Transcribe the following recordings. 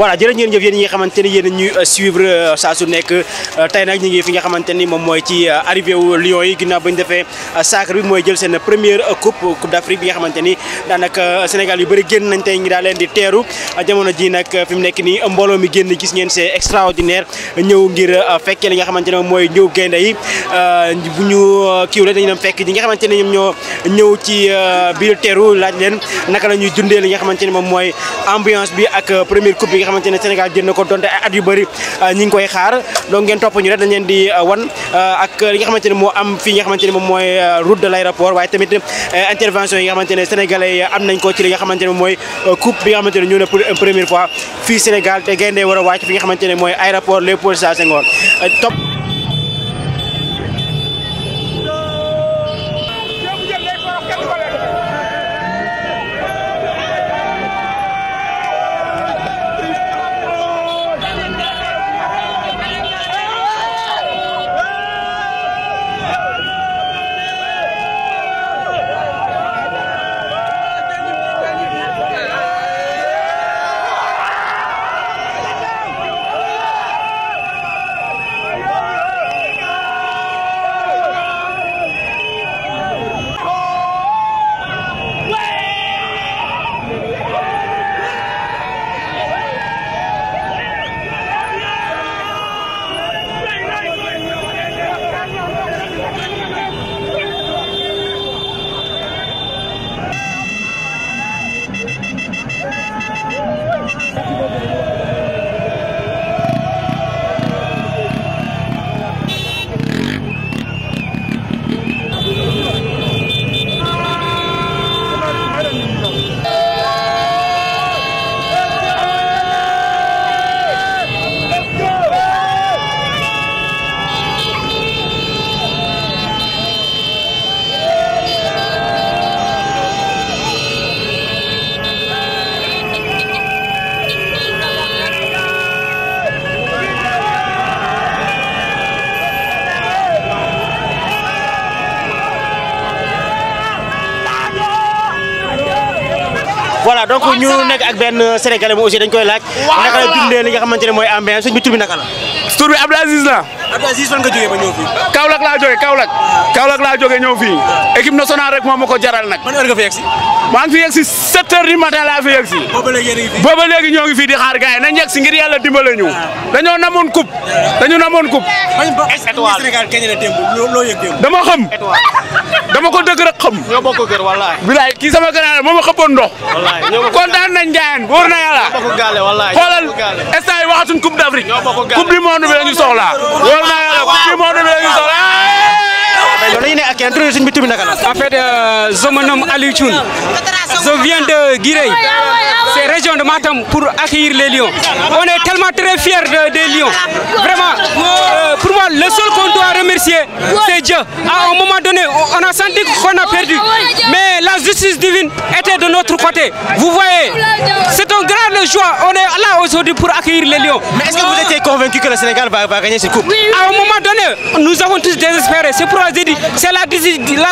voilà jërë ngeen jëf yéen ñi nga xamante ni yéen ñuy euh, suivre euh, saa su nekk euh, tey nag ñu ngi fi nga xamante ni moom mooy ci arrivé wu Lions yi ginnaaw ba ñu defee sacre bi mooy jël seen première coupe coupe d'Afrique bi nga xamante ni daanaka Sénégal yu bëri génn nañ tey ngi daa leen di teeru jamono ji nag fi mu nekk nii mbooloo mi génn gis ngeen c'est extraordinaire ñëw ngir fekkee li nga xamante ne moom mooy ñëw gaynde yi bu ñu kiiwle dañu dem fekk ñi nga xamante ne ñoom ñoo ñëw ci biir teeru laaj leen naka la ñuy dundee li nga xamante ni moom mooy ambiance bi ak xamante ne Sénégal jël na ko donte at yu bëri euh, ñi koy xaar donc ngeen topp ñu rek dañ leen euh, wan euh, ak li ne mooy route de l'aéroport waaye tamit intervention yi ne sénégalais am nañ ko ci li nga ne mooy coupe bi nga ne ñu ne pour fois fii Sénégal te gaynde war a fi nga ne mooy aéroport Léopold Sédar Senghor top donc ñu nekk ak benn sénégalais moom aussi dañ koy laaj. naka la dundee li nga xamante ne mooy ambiance suñ bi tur la. tur bi Abdou la. Abdou Aziz fan nga jógee ba ñëw fii. jógee Kaolack Kaolack laa jógee ñëw fii équipe rek moom ma ko jaral nag. ban heure nga fi yegg si. maa ngi fi yegg si 7 heures du matin laa fi yegg si. booba léegi yéen a ngi fi booba léegi ñoo ngi fii di xaar gars yi nañ yegg si ngir yàlla dimbale ñu. dañoo namoon coupe dañu namoon coupe. étoile Sénégal kañ la démb loo yëg dama xam dama ko dëgg rek xam. kii sama gànnaar moom a xëppoon ndox. wallaay ñoo bokk nañ Ndiayeen wóor na yàlla. ñoo bokk gaale wallaay xoolal instant yi waxatuñ coupe ñu soxla a tuddee sëñ bi tur bi naka la. en fait euh, je me de Guirey c'est région de Matam pour accueillir les lions on est tellement très fiers de, des lions vraiment euh, pour moi le seul qu'on doit remercier c'est Dieu à un moment donné on a senti qu'on a perdu mais la justice divine était de notre côté vous voyez c'est un grand joie on est là aujourd'hui pour accueillir les lions mais est-ce que vous étiez convaincu que coupe à un moment donné nous avons tous désespéré c'est pour ça que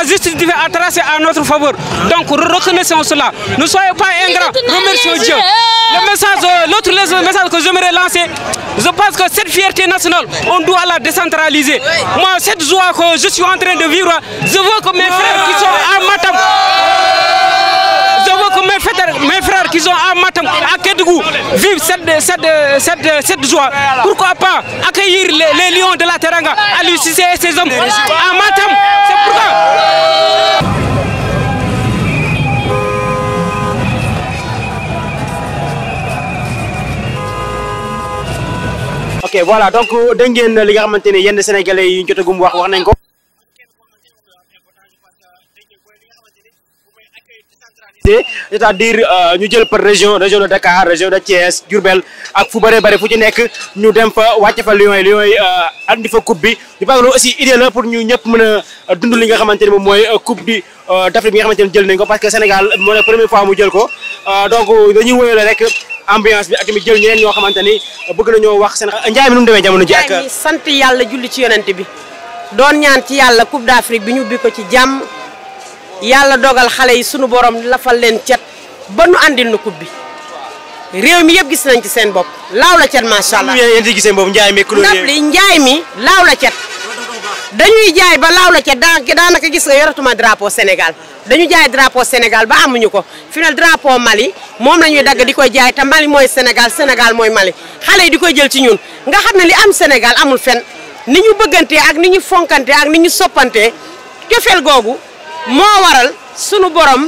La justice divine a tracé à notre faveur. Donc reconnaissons cela. Ne soyons pas ingrats. Remercions Dieu. Le message, euh, l'autre message que j'aimerais lancer, je pense que cette fierté nationale, on doit la décentraliser. Moi, cette joie que je suis en de vivre, je veux que mes frères qui sont à Matam mes frères, qui sont à Matam, à Pourquoi pas accueillir les, lions de la Teranga, à Lucissé et ses hommes, Matam ok voilà donc euh, dégg ngeen li nga xamante ni yenn sénégalais yi ñu jotagum wax wax nañ ko cest a dire euh, ñu jël par région de Dakar région de Thiès Diourbel ak fu bëree bëri fu ci nekk ñu dem fa wàcc fa Lions yi Lions yi euh, andi fa coupe bi je pense aussi idée pour ñu ñëpp mën a euh, dund li nga xamante ni moom mooy coupe bi d'Afrique bi nga xamante jël nañ ko parce que Sénégal moo ne première fois mu jël ko donc dañuy wóyale rek ambiance bi ak tamit jël ñeneen ñoo xamante ni bëgg nañoo wax seen njaay mi nu mu demee jamono ji ak sant yàlla julli ci yonent bi doon yàlla dogal xale yi sunu borom lafal leen cet ba nu àndil nu coupe bi réew mi yëpp gis nañ ci seen bopp laaw la cet macha allah. yéen a gis seen bopp njaay mi. ndab li njaay mi laaw la cet. dañuy jaay ba laaw la cet daanaka gis nga yoratuma drapeau Sénégal dañu jaay drapo Sénégal ba amuñu ko final drapo Mali moom la dagg di ko jaay te Mali mooy Sénégal senegal mooy Mali xale yi di koy jël ci ñun nga xam ne li am senegal amul fen ni ñu bëggantee ak ni ñu fonkantee ak ni ñu soppantee googu. moo waral sunu borom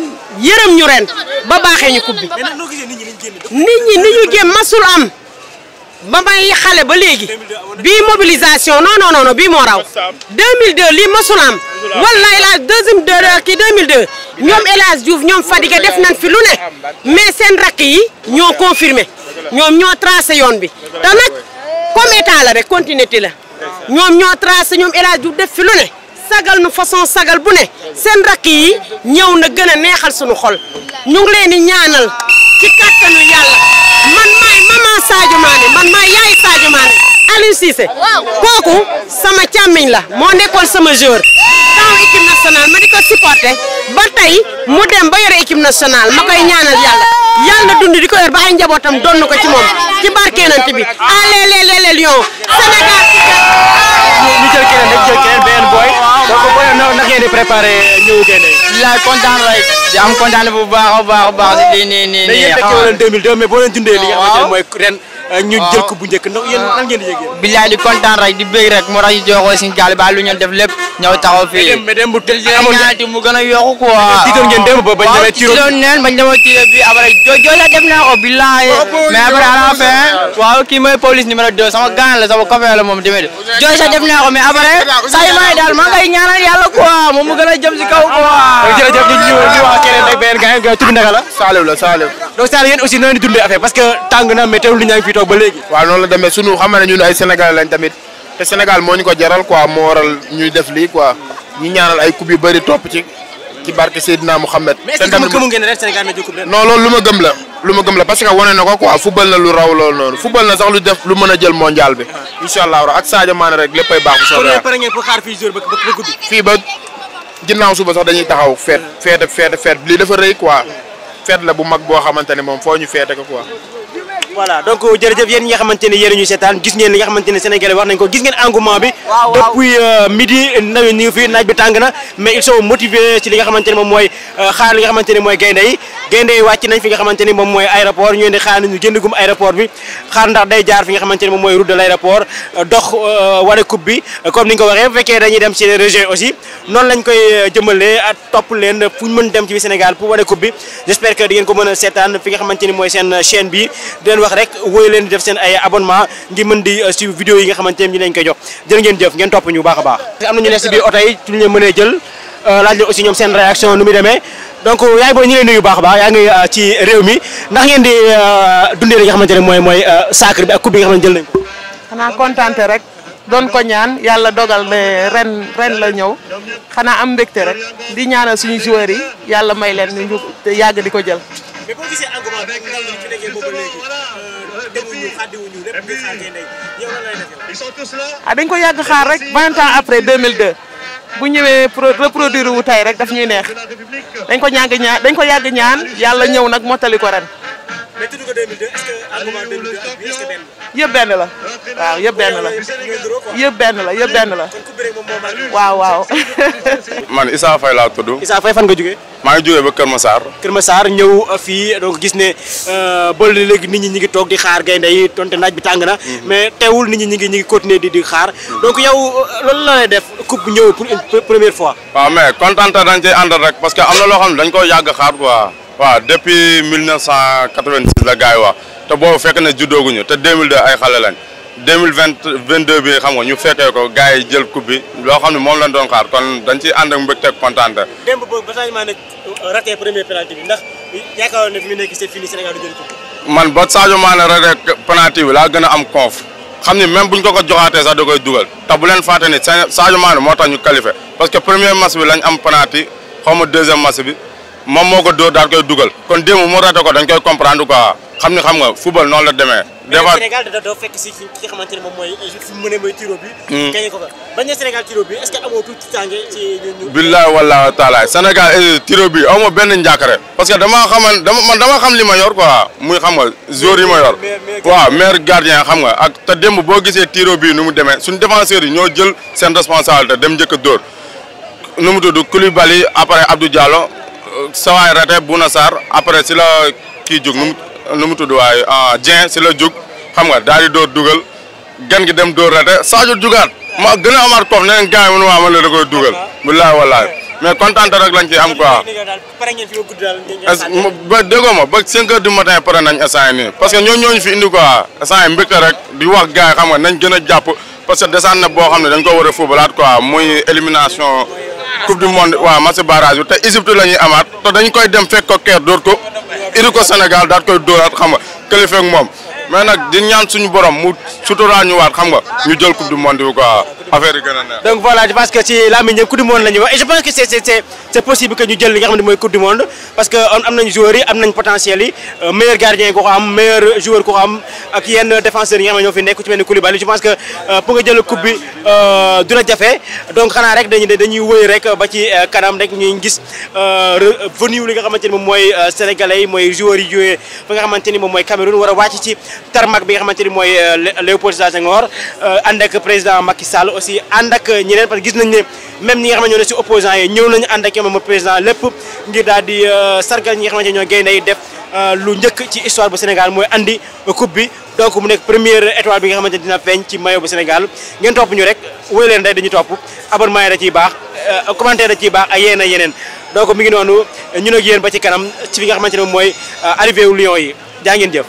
yërëm ñu ren ba baaxee ñu coupe bi nit ñi ni ñu génn masul am ba may xale ba léegi bii mobilisation non non non bii moo raw 2002 lii masul am wallaay la deuxième de kii 2002 ñoom El Hadj Diouf ñoom Fadiga def nañ fi lu ne mais seen rakk yi ñoo confirmé ñoom ñoo tracé yoon bi te nag comme état la rek continuité la ñoom ñoo tracé ñoom El Hadj Diouf def fi lu ne. sagal nu façon sagal bu ne seen rakk yi ñëw na gën a neexal sunu xol ñu ngi di ñaanal ci kàttanu yàlla man maay maman Sadio man maay yaay Sadio Mané Aliou kooku sama càmmiñ la moo nekkoon sama joueur taw équipe nationale ma di ko supporté ba tey mu dem ba yore équipe nationale ma koy ñaanal yàlla yàlla dund di ko yor ba ay njabootam donn ko ci moom ci barkeenante bi allez les Lions Sénégal préparé ñëw Gaynde yi. yaay kontaan rek. di am kontaan bu baax a baax a baax si ah. lii nii nii nii. xam nga mais yéen tekki woon leen 2002 ah. mais ñu jël ko bu njëkk ndax yéen di kontaan rek di bëgg rek moo tax ñu joxoo suñu gaal ba lu ñu def lépp ñëw taxaw fii mais dem bu mu gën a yokku quoi tiitoon ngeen dem ba bañ demee tiro waaw joojoo la def naa ko bilaay mais après à la fin police numéro 2 sama gan sama copain la moom de jooy sax def naa ko mais après saa yu may daal maa ngay ñaanal yàlla quoi moom mu gën a jëm si kaw quoi jërëjëf ñu ñu wax keneen rek benn gaay tudd naka la Saliou la Saliou donc saa yéen aussi nooy dundee noonu moo ñu ko jaral quoi ñuy def lii quoi ñu ñaanal ay coupe bëri topp ci ci barke Seydina Mouhamed. te tamit mais est ce que non loolu lu ma gëm la lu ma gëm la parce que wane na ko quoi football na lu raw loolu noonu football na sax lu mën a jël mondial bi. Ah. incha allah ak Sadio Mané rek léppay baax. bu soobee fii ba ginnaaw suba sax dañuy taxaw feet feet feet lii dafa rëy quoi feet la bu mag boo xamante ne moom foo ñu feete ko quoi. voilà donc jërëjëf yéen ñi nga xamante ne ñu seetaan gis ngeen li nga xamante ne sénégalais wax nañ ko gis ngeen engouement bi depuis euh, na mais ils sont motivés ne moom mooy euh, xaar li nga xamante ne mooy gaynde yi gaynde yi wàcc nañ fi nga xamante ni moom mooy aéroport ñu ne xaar nañu génn gum aéroport bi xaar moom mooy route euh, ko waxee bu fekkee dañuy dem ci région aussi noonu lañ koy jëmalee ak topp leen fu ñu mën dem ci Sénégal pour wane coupe bi j'espère que di ngeen ko mën a seetaan fi nga xamante ni mooy seen chaîne bi leen wax rek wooyu leen def seen ay abonnement ngir mën di euh, suivre vidéo yi nga xamante ne leen koy jox ngeen jëf ngeen topp ñu baax a baax am na ñu ne si biir oto yi euh, ñoom seen euh, a réew mi ndax ngeen di dundee li nga xamante mooy mooy bi ak coupe bi nga xamante jël nañ xanaa kontante rek doon ko ñaan yàlla dogal ne ren la ñëw xanaa am mbégte rek di ñaanal suñu joueurs yi yàlla may leen yàgg di ko jël mais boo gisee engouement bi nga xam ne ci nekkee boobu léegi euh, demuñu xàddiwuñu lépp di ah dañ ko yàgg xaar rek vingt ans après 2002 bu ñëwee reproduire wu tey rek daf ñuy neex dañ ko ñàgg ñaan dañ ko yàgg ñaan yàlla ñëw nag mottali ko ren. mais tudd ko 2002 est benn la. yëpp benn la yëpp benn la yëpp benn la yëpp benn la. kon ku bëre moom moo màgg. waaw waaw. man Issa Faye laa tudd. Issa Faye fan nga jógee. maa ngi jógee ba Kër Massar. Kër Massar ñëw euh, donc gis ne euh, ba léegi nit ñi ñi ngi toog di xaar gaynde yi donte naaj bi tàng na. Mhm. mais teewul nit ñi ñi ngi ñi ngi continuer di di xaar. Mhm. donc yow euh, loolu la lay def coupe ñëw pour une première fois. waaw mais kontaan dañ cee àndal rek parce que am na loo xam ne dañ koo yàgg xaar ko waaw depuis mille 1986 la gars yi wax te boobu fekk na juddooguñu te 2002 ay xale lañ 2020 22 bi xam nga ñu fekkee ko gars yi jël coupe bi loo xam ne moom lañ doon xaar kon dañ ci ànd ak mbégte ak kontaan te. démb boobu ba Sadio Mané raté premier penalty bi man ba Sadio Mané raté penalty bi laa gën a am conf xam ni même bu ñu ko ko joxaatee sax da koy dugal te bu leen fàtte ni Sadio Mané moo tax ñu qualifié parce que premier match bi lañ am penalty xaw ma deuxième bi. moom moo ko dóor daal koy dugal kon démb mu raté ko dañ koy comprendre quoi xam ni xam nga football noonu la demee. des fois Sénégal da mooy fi mu mënee bi. Hmm. gañe ko fa bañ ne Sénégal tiro bi est-ce aw eh, ma benn njàkkare. parce que damaa xamal dama man dama xam li ma yor quoi muy xam nga joueur yi ma yor. waaw maire gardien xam nga ak te démb boo gisee tiro bii nu mu demee suñu défenseurs yi ñoo jël seen responsabilité dem njëkk a dóor nu mu tudd Koulibaly après Abdou Diallo sawaay rate Bouna Sarr après si la kii jug nu mu nu mu tudd waay ah, Dieng la jug xam nga daal di dóor dugal gan gi dem dóor rate Sadio jugaat ma gën a amaat koof ne leen gars yi mënu maa la da koy dugal wallaahi wallaahi mais kontaan rek lañ ci am quoi ba déggoo ma ba 5 heures du nañ instant nii parce que ñoo ñooñu fi indi quoi a yi mbëkk rek di wax gars xam nga nañ gën a jàpp parce que descente na boo xam ne dañ ko war a footballaat quoi muy élimination coupe du monde waa match barrage te Égypte la ñuy amaat te dañ koy dem fekk ko Caire door ko iri ko Sénégal daal koy dóoraat xam nga këlifeeg moom mais nag di ñaan suñu borom mu sutura ñu waat xam nga ñu jël coupe du monde bi quoi affaire yi a neex. donc voilà jël li nga am nañ joueurs yi am nañ potentiel yi euh, meilleur gardien ko ko ak yenn défenseurs yi nga ñoo fi nekk ci mel ni Koulibaly je pense que euh, pour nga jël euh, du la jafe donc xanaa rek dañuy dañuy wëy rek ba ci kanam rek ñuy gis venu li nga xamante ni moom mooy sénégalais yi mooy joueurs yi jógee fa nga xamante ni moom mooy Cameroun war a wàcc ci tarmac bi nga xamante ni mooy euh, Léopold Sédar Senghor euh, ànd ak président Macky Sall aussi ànd ak ñeneen parce que gis nañ ne même ñi nga xamante ñoo ne si opposants yi ñëw nañu ànd ak ñoom moom lépp ngir daal di euh, sargal ñi nga xamante ñoo gaynde yi def lu njëkk ci histoire bu Sénégal mooy andi coupe bi donc mu nekk première étoile bi nga xamante dina feeñ ci mayo bu Sénégal ngeen topp ñu rek wéy leen rek dañuy topp abonnement yi da ciy baax commentaire da ciy baax ak yeneen yeneen donc mi ngi noonu ñun ak yéen ba ci kanam ci fi nga xamante ne mooy arrivé wu yi jaa ngeen jëf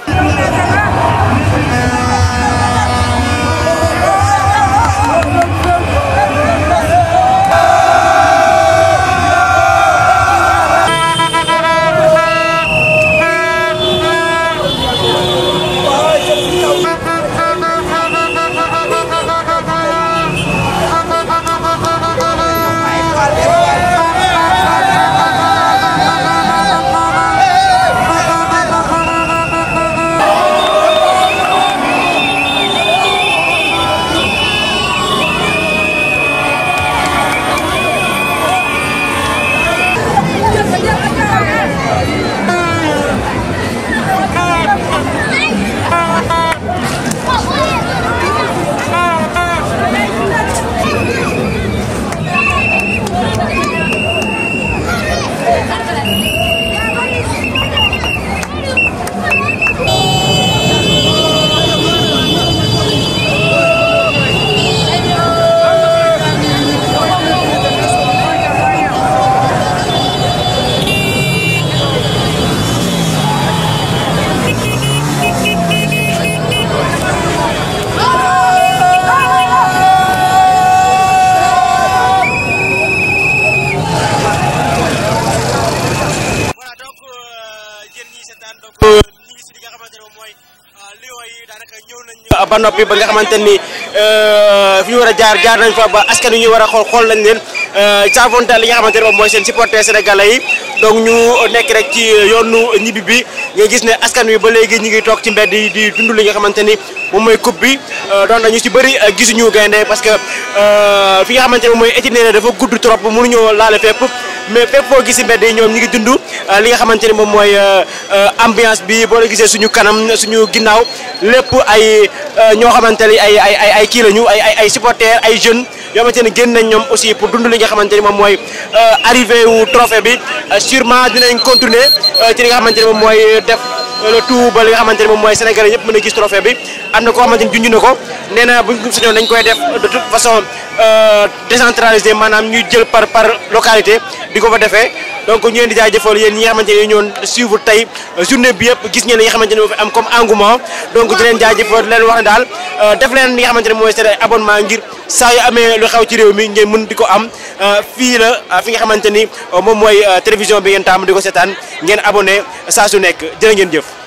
noppi ba nga xamante ni euh, fi ñu war a jaar jaar nañ fa ba askan wi ñu war a xool xool nañ leen saavonte euh, li nga xamante ne moom mooy seen supporter sénégalais yi donc ñu nekk rek ci yoonu ñibbi bi nga gis ne askan wi ba léegi ñu ngi toog ci mbedd yi di dund li nga xamante ni moom mooy coupe bi euh, doon nañu ci bëri gisuñu gaynde parce que fi nga xamante ne moom mooy itinéraire dafa gudd trop mënuñoo laale fépp mais fépp foo gisi si mbedd yi ñoom ñi ngi dundu euh, li nga xamante ni moom mooy euh, euh, ambiance bi boo la gisee suñu kanam suñu ginnaaw lépp ay ñoo xamante ni ay ay ay kii lañu ay ay supporters ay jeunes yoo xamante ni génn nañ ñoom aussi pour dund li nga xamante ni moom mooy arrivé wu trophée bi sûrement dinañ continuer ci li nga xamante ni moom mooy def. le tout ba li nga moom mooy sénégalais yëpp mën a gis trophée bi am na koo xamante ne ko nee na buñ ko sañoon dañ koy def de toute façon euh, décentralisé maanaam ñuy jël par par localité di ko fa defee donc ñu leen di jaajëfal yéen ñi nga xamante ne ñoon suivre tey euh, journée bi yëpp gis ngeen li nga xamante ne moo fi am comme engouement donc di leen jaajëfal di leen wax ne daal euh, def leen li nga xamante mooy seen abonnement ngir saa yu amee lu xew ci réew mi ngeen mën di ko am euh, fii la euh, fi nga xamante ni euh, moom mooy télévision bi ngeen tàmm di ko seetaan ngeen abonné saa su nekk jërë ngeen jëf